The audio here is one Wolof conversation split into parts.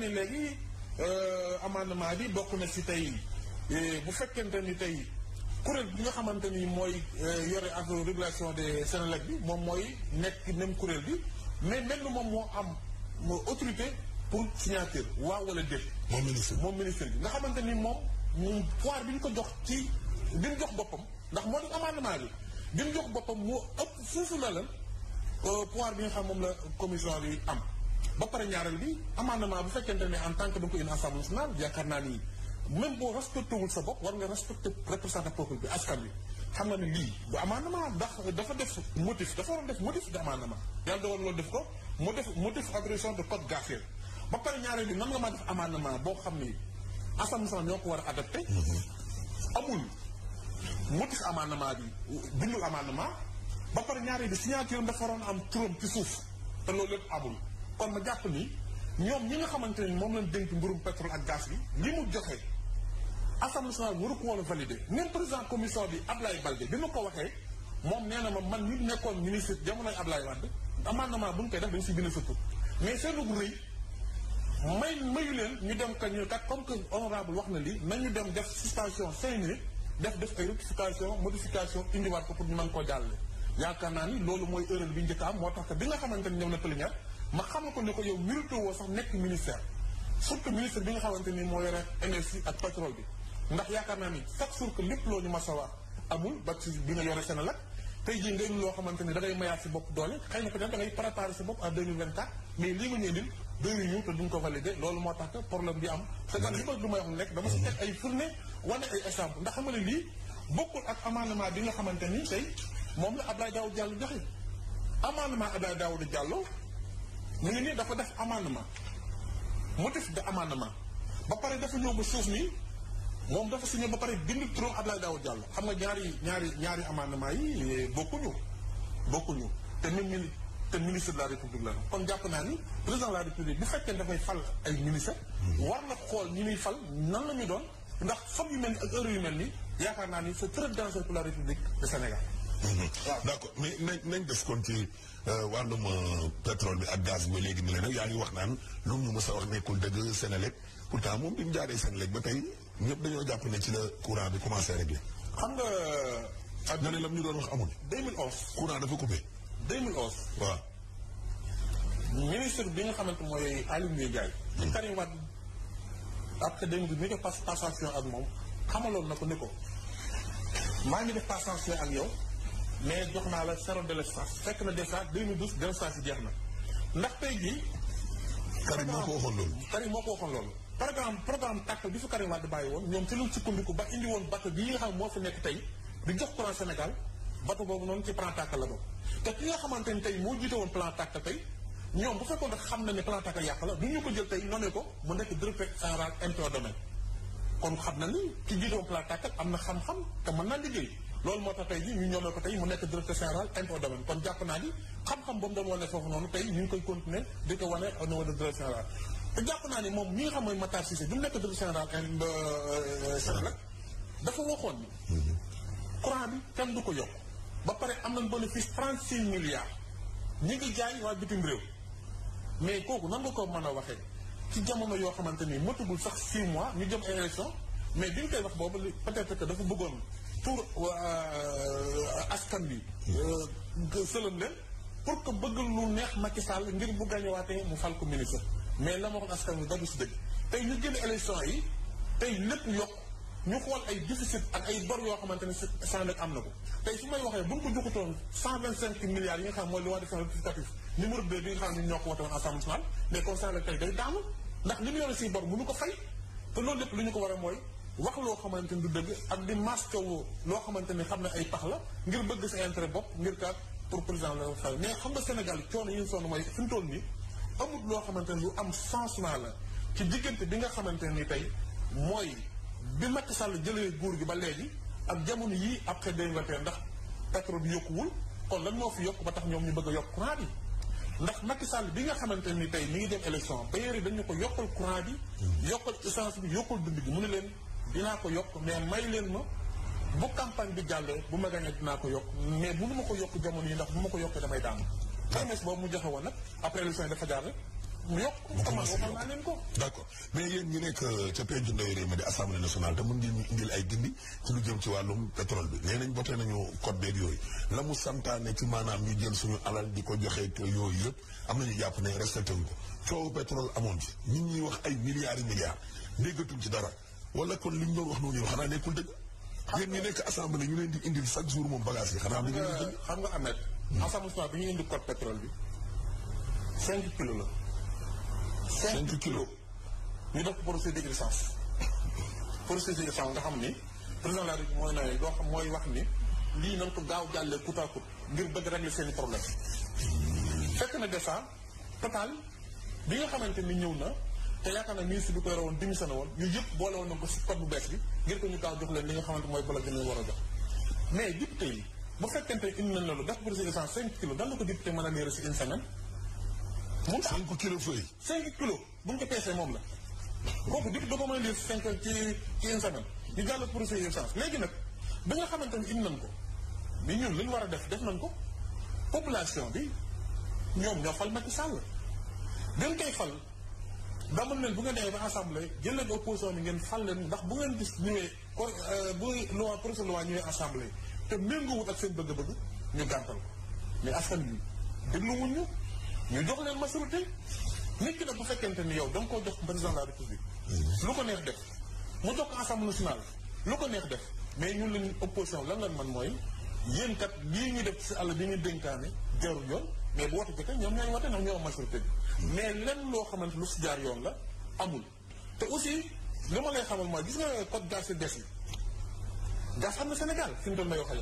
ni léegi euh, amendement bi bokk na si tey bu fekkente ni tey kuréel bi nga xamante ni mooy euh, yore ak régulation de Senelec bi moom mooy nekk même kuréel bi mais mel ni moom moo am autorité pour signature waaw wala déet. moom ministre moom ministre bi nga xamante ni moom moom pouvoir bi ñu ko jox ci bi ñu jox boppam ndax moo di bi bi ñu jox boppam moo ëpp foofu la la euh, pouvoir bi nga xam moom la commission bi am. ba pare ñaareel bi amendement bu fekkente ne en tant que da nga ko indi assemblée nationale yaakaar naa ni même boo respecté sa bopp war nga respecté représentant peuple bi askan bi xam nga ne lii du amendement ndax dafa def motif dafa waroon def motif de amendement yàlla dogal loolu def ko mu def motif agression de code Garfield ba pare ñaareel bi nan nga maa def amendement boo xam ni assemblée nationale ñoo ko war a adopté amul motif amendement bi bindul amendement ba pare ñaareel bi signature dafa waroon am turam ci suuf te loolu lépp amul kon ma jàpp ni ñoom ñi nga xamante ne moom lañ dénk mbirum pétrole ak gaz bi li mu joxe assemblée nationale waru ko woon a validé même président commission bi Ablaye Balde bi ma ko waxee moom nee na ma man ñu nekkoon ministre jamonoy Ablaye Wade amendement bu ñu koy def dañ si gën a sëpp mais seenu rëy may mayu leen ñu dem ka ñu kat comme que honorable wax na li nañu dem def suspension cinq minutes def def ay rectification modification indiwaat ko pour ñu mën koo jàllale yaakaar naa ni loolu mooy erreur bi njëkk am moo tax que bi nga xamante ni ñëw na plénière ma xam ko ne ko yow mérite woo sax ministère surtout ministre bi nga xamante ni moo yore énergie ak pétrole bi ndax yaakaar naa ni chaque jour que lépp loo ñu mas a wax amul ba ci bi nga yore Senelec tey jii xamante ni da ngay mayaat si xëy na peut être da ngay nga indil loolu moo tax que problème bi am c'est que ma lu may wax ay fourne wane ay ndax xam ne lii bokkul ak amendement bi nga xamante ni tey moom la Abdoulaye Daouda Diallo joxe amendement Abdoulaye Daouda Diallo mu ngi nii dafa def amendement motif de amendement ba pare def ñëw ba suuf nii moom dafa signé ba pare bind turam Abdoulaye Daouda jàll xam nga ñaari ñaari ñaari amendement yi bokkuñu bokkuñu te même mini te ministre de la république la kon jàpp naa ni président de la république bu fekkee dafay fal ay ministre war na xool ñi muy fal nan la ñu doon ndax fan yu mel ni ak heure yu mel ni yaakaar naa ni c'est très dangereux la république de Sénégal Mhm. d'accord mais nañ nañ def kon ci euh, wàllum euh, pétrole bi ak gaz bi léegi ni la nag yaa ngi wax naan lu mu ñu mës a wax nekkul dëgg Senelec pourtant moom bi mu jaaree Senelec ba tey ñëpp dañoo jàpp ne ci la courant bi commencé réglé. xam nga. ak euh, nga ne lam ñu doon wax amul. 2011. courant dafa coupé. 2011. waaw. ministre bi nga xamante mooy Aly Ngouille Ndiaye. Mhm. ci Karim Wade après 2012 ñu def passation ak moom xamaloon na ko ne ko maa ngi def passation ak yow. mais jox naa la zéro délestage fekk na délestage 2012 délestage si jeex na ndax tey jii. Karim moo ko waxoon loolu. Karim moo ko waxoon loolu. programme programme tàkkal bi fi Karim Wade bàyyi woon ñoom ci lu sukkandiku ba indi woon bateau bii nga xam moo fi nekk tey di jox courant Sénégal bateau boobu noonu ci plan tàkkal la bokk. te ki nga xamante tey moo jiite woon plan tàkkal tey ñoom bu fekkoon rek xam na ne plan tàkkal yàq la du ñu ko jël tey ko mu nekk directeur kon xam na ni ki jiite woon plan tàkkal am na xam te mën naa liggéey loolu moo tax tey ji ñu ñoomee ko tey mu nekk directeur général impôt domaine kon jàpp naa ni xam-xam ba mu doon wane foofu noonu tey ñu ngi koy continuer di ko wane au niveau de jàpp naa ni moom mi nga xam mooy Matar Cissé du euh, dafa waxoon ni courant bi kenn du ko yokk ba pare am nañ bénéfice 36 milliards ñi ngi jaay waa bitim réew mais kooku nan nga ko mën a waxee ci jamono yoo xamante ni matugul sax 6 mois ñu jëm ay élection mais bi ñu koy wax boobu peut-être que dafa bëggoon pour euh, askan bi. Euh, sëlëm leen pour que bëgg lu neex Macky Sall ngir bu gañewaatee mu fal ko ministre mais la ma waxoon askan bi dadu si dëgg tey ñu génn élection yi tey lépp yokk ñu xool ay déficit ak ay bor yoo xamante ne Sénégal am na ko tey su may waxee bu ñu ko joxutoon cent vingt yi nga xam mooy loi de finances rectificative numéro deux bi nga xam ne ñoo ko wote woon Assemblée nationale mais comme Sénégal tey day daanu ndax li ñu yore si bor mënu ko fay te loolu lépp ñu ko war a mooy wax loo xamante ni du dëgg ak di masque woo loo xamante ni xam ne ay pax la ngir bëgg sa intérêt bopp ngir kaat pour président la xaw xam nga Sénégal coono yi ñu sonn mooy fi mu toll nii loo xamante ni lu am changement la ci diggante bi nga xamante ni tey mooy bi Macky Sall jëlee góor gi ba léegi ak jamono yii après 2021 ndax pétrole bi yokkuwul kon lan moo fi yokk ba tax ñoom ñu bëgg a yokk courant bi ndax Macky Sall bi nga xamante ni tey mi ngi dem élection ba yéri dañu ko yokkal courant bi yokkal essence bi yokkal dund bi mu ne leen dinaa ko yokk mais may leen ma bu campagne bi jàllee bu ma gagné dinaa ko yokk mais mënu ma ko yokk jamono yi ndax bu ma ko yokkee damay daanu promesse mu joxe woon nag après élection dafa jaar rek mu yokk commencé waxoon naa leen mais yéen ñi nekk euh, ca penc ndaw réew mi di assemblée nationale te mën ngeen ñu indil ay dindi ci lu jëm ci wàllum pétrole bi nee nañ voté nañu code beeg yooyu la mu santaane ci maanaam ñu jël suñu alal di ko joxee te yooyu yëpp am nañu jàpp ne respecté wuñ ko coowu pétrole amoon ci nit ñi wax ay milliards yi ci dara wala kon li ñu doon wax noonu yow xanaa nekkul dëgg. yéen ñi nekk ñu leen di indil chaque jour moom bagage xam nga xam nga Ahmed. Hmm. assemblée bi ñu indi code pétrole bi. 5 kilos la. 5 kilos ñu def procédure d'urgence. procédure nga xam ni président de la République mooy nawet loo xam mooy wax lii nañ ko gaaw jàllee coûte à coûte bëgg régler seen i problème fekk na déjà total bi nga xamante ni ñëw na. te yaakaar naa ministre bi ko yore woon yëpp boole woon na ko si code bu bees bi ngir ko ñu gaaw jox leen li nga xamante mooy bloc bi ñu war a jox mais député yi bu fekkente ne indi nañ loolu def pour cent cinq kilos dan la ko député mën si une semaine moom cinq kilos fëy cinq kilos bu ñu ko peesee moom la kooku député a leer si cinq ci ci nga xamante ne indi nañ ko mais ñun li ñu war a def def nañ ko population bi ñoom ñoo fal Macky Sall dañ koy fal damul leen bu ngeen demee ba assemblée jël leen opposition bi ngeen fal leen ndax bu ngeen gis ñëwee ko euh, bu loi projet loi ñëwee assemblée te méngoowut ak seen bëgg-bëgg ñu gàntal ko mais askan bi dégluwuñ ñu ñu jox leen majorité nit ki nag bu fekkente ni yow da koo jox président de la république mm-hmm. lu ko neex def mu jox assemblée nationale lu ko neex def mais ñu lañ opposition lan lan man mooy yéen kat lii ñu def si àll bi ñu dénkaane jarul yoon mais bu wootee jëkk ñoom ñooy wote ndax ñoo am majorité bi mais lenn loo xamante lu si jaar yoon la amul te aussi li ma lay xamal mooy gis nga code gaz si des yi gaz xam na Sénégal fi mu doon may wax ak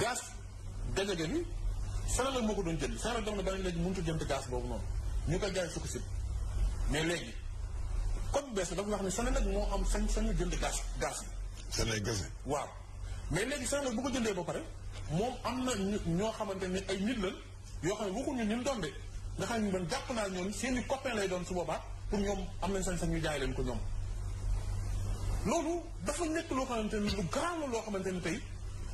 gaz dajage bi Sénégal moo ko doon jënd Sénégal dem na ba ne léegi mënut jënd gaz boobu noonu ñu koy jaay sukk si mais léegi code bees bi dafa wax ne Sénégal moo am sañ-sañu jënd gaz gaz bi. Sénégal waaw. mais léegi sax nag bu ko jëndee ba pare moom am na ñoo xamante ne ay nit lan yoo xam ne waxuñu ñun doon de nga xam ne man jàpp naa ñoom seen i copain lay doon su boobaa pour ñoom am nañ sañ leen ko ñoom. loolu dafa nekk loo xamante ne lu garaaw la loo xamante ni tey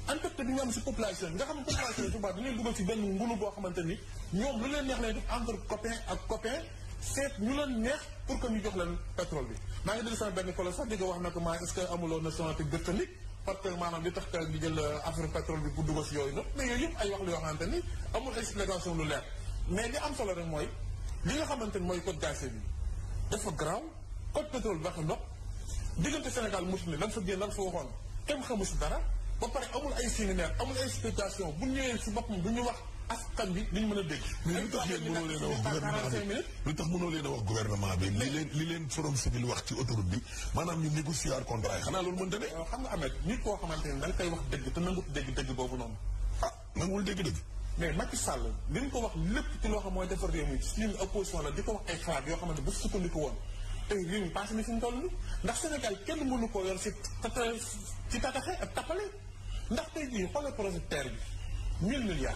impact bi ñu am si population nga xam ne population su boobaa dañu leen dugal si benn ngunu boo xamante ni ñoom lu leen neex lay def entre copain ak copain seet ñu leen neex pour que ñu jox leen pétrole bi. maa ngi déglu sama benn collègue sax di wax na ko est-ce que amuloo parce que maanaam li tax que ñu jël euh, affaire pétrole bi gudd ko si yooyu nag mais yooyu yëpp ay wax la yoo xamante ni amul explication lu leer mais li am solo rek mooy li nga xamante ni mooy code gazier bi dafa garaaw code pétrole bi ba xam ndox diggante Sénégal mosu ne lan fa génn lan fa waxoon kenn xamu si dara ba pare amul ay séminaire amul ay explication bu ñëwee si boppam du ñu wax askan bi duñ mën a dégg. mais lu tax yéen mënoo leen a wax gouvernement bi lu leen a wax gouvernement bi li leen li wax ci autoroute bi maanaam ñu négocier waat yi xanaa loolu mënta ne. nit koo xamante ne da wax dëgg te nangut dégg dëgg boobu noonu. ah nanguwul dégg dëgg. mais Macky Sall li ñu ko wax lépp ci loo xam mooy defar réew mi ci ligne wax ay xalaat yoo xamante bu sukkandiku woon. te réew mi passé na ndax Sénégal kenn mënu koo yor si tata si ndax tey jii xoolal projet terre bi mille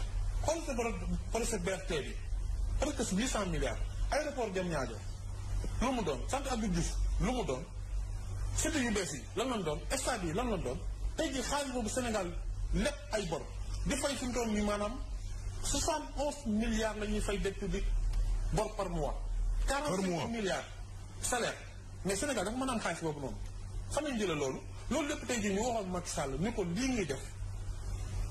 xool sa borom projet BRT bi presque su huit cent milliards aéroport jëm ñaajo lu mu doon sant Abdou Diouf lu mu doon cité yu bees yi lan lan doon stade yi lan lan doon tey jii xaalis boobu Sénégal lépp ay bor di fay suñu tool yi maanaam soixante onze milliards la ñuy fay dette publique bor par mois. par mois quarante cinq milliards salaire mais Sénégal dafa mën a am xaalis boobu noonu fan la ñu jëlee loolu loolu lépp tey jii ñu waxoon Macky Sall ni ko lii ngi def.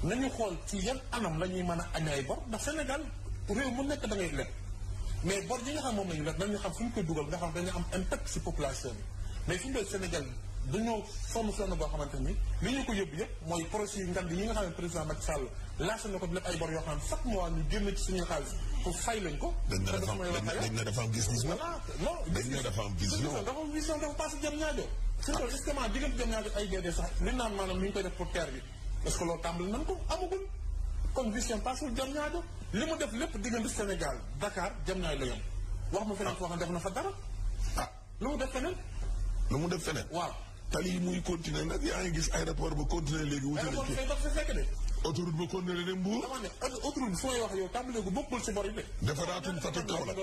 nañu xool ci yan anam la ñuy mën a añ ay bor ndax Sénégal réew mu nekk da ngay mais bor yi nga xam moom nañu xam si nga xam ne na ñu génn ci suñu na dafa am gis-gis voilà na dafa am vision dafa am vision dafa passé jëm ñaajo surtout justement naan maanaam mi koy def pour terre bi est-ce que loolu tàmbali nañ ko amagul kon vision passul jam ñaajo li mu def lépp diggante Sénégal Dakar jam ñaay la yem wax ma feneen ah. foo xam def na fa dara ah. ah lu mu def feneen lu mu def feneen waaw tali yi muy continuer nag yaa ngi gis aéroport ba continuer léegi wutale ki autoroute ba continuer de Mbour dama ne autoroute bi fu may wax yow tàmbalee ko bokkul si bor yi de defaraatum Fatick Kaolack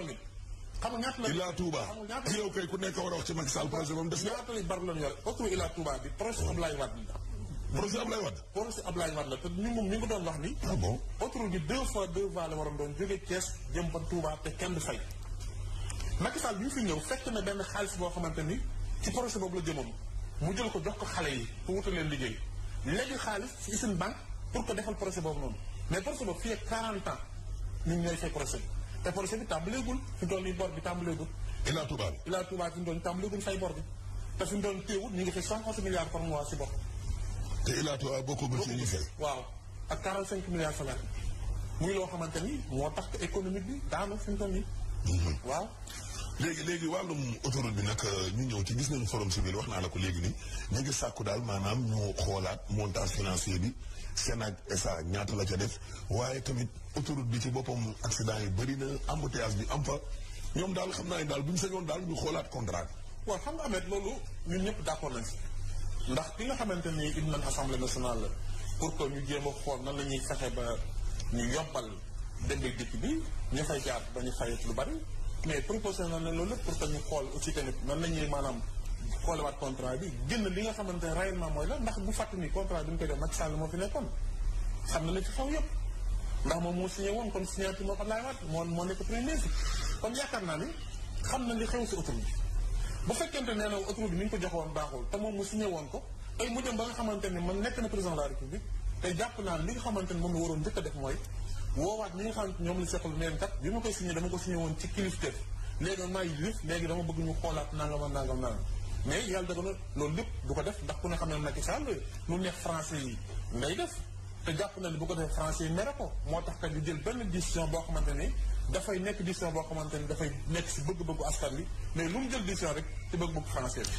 xam nga ñaata la Ila Touba yow kay ku nekk war a wax ci Macky Sall projet moom des na ñaata la bar lan yore autoroute Ila Touba bi projet Abdoulaye Wade projet Ablaye Wade. projet Ablaye Wade la te ñu moom ñu ngi doon wax ni. ah bon autoroute deux fois deux fois la waroon doon jógee Thiès jëm ba te kenn fay. Macky bi ñu fi ñëw fekk na benn xaalis boo xamante ni ci projet boobu la jëmoon mu jël ko jox ko xale yi pour wutal leen liggéey léegi xaalis ci usine banque pour ko defal projet boobu noonu mais projet boobu fii ak 40 ans ñun ñooy fay te projet bi tàmbaleegul fi mu toll nii bor Ila te ilaatu waaw boo ko bëggee ñu fay. waaw ak 45 milliards salaire muy loo xamante ni moo tax économique bi daanu fi mu toll nii. Mhm. waaw. léegi léegi wàllum autoroute bi nag euh, ñu ñëw ci gis nañu forum civil wax naa la ko léegi nii ñu ngi sàkku daal maanaam ñu xoolaat montage financier bi Sénac SA ñaata la ca def waaye tamit autoroute bi ci boppam accident yu bëri na embouteillage bi am fa ñoom daal xam naa ne daal bu ñu sañoon daal ñu xoolaat contrat bi. waaw xam ñëpp d'accord nañ si. ndax ki nga xamante ni indi nañ assemblée nationale la pour que ñu jéem a xool nan la ñuy fexe ba ñu yombal dem ak dikk bi ñu fay jaar ba ñu fayet lu bari mais proposé na leen loolu lépp pour que ñu xool aussi tamit nan la ñuy maanaam xoolewaat contrat bi génn li nga xamante ne réellement mooy la ndax bu fàttali ni contrat bi ñu koy def Macky Sall moo fi nekkoon xam na la ci xaw yëpp ndax moom moo signé woon kon signature moo ko laawaat moo moo nekk premier ministre kon yaakaar naa ni xam na li xew si autoroute bi bu fekkente nee na autoroute ni ñu ko joxoon baaxul te moom mu signé woon ko tey mu jëm ba nga xamante man nekk na président de la république tey jàpp naa li nga moom la waroon njëkk a def mooy woowaat ñi nga xamante ñoom la seqal neen ma koy signé dama ko signé woon dama bëgg ñu xoolaat nangam nangam nangam mais yàlla dëgg na loolu lépp du ko def ndax ku ne xam ne Macky Sall lu neex yi te jàpp na ne bu ko defee français yi mere ko moo tax kat ñu jël benn décision boo xamante ni dafay nekk décision boo xamante ni dafay nekk si bëgg-bëggu askan wi mais lu mu jël décision rek ci bëgg-bëggu français